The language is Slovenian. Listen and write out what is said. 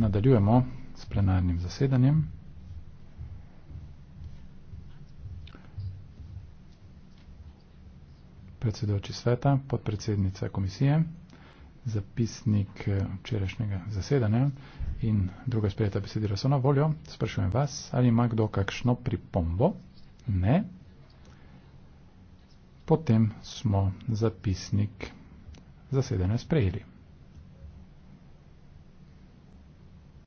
nadaljujemo s plenarnim zasedanjem. Predsedoči sveta, podpredsednica komisije, zapisnik eh, včerajšnjega zasedanja in druga sprejeta besedila so na voljo. Sprašujem vas, ali ima kdo kakšno pripombo? Ne. Potem smo zapisnik zasedanja sprejeli.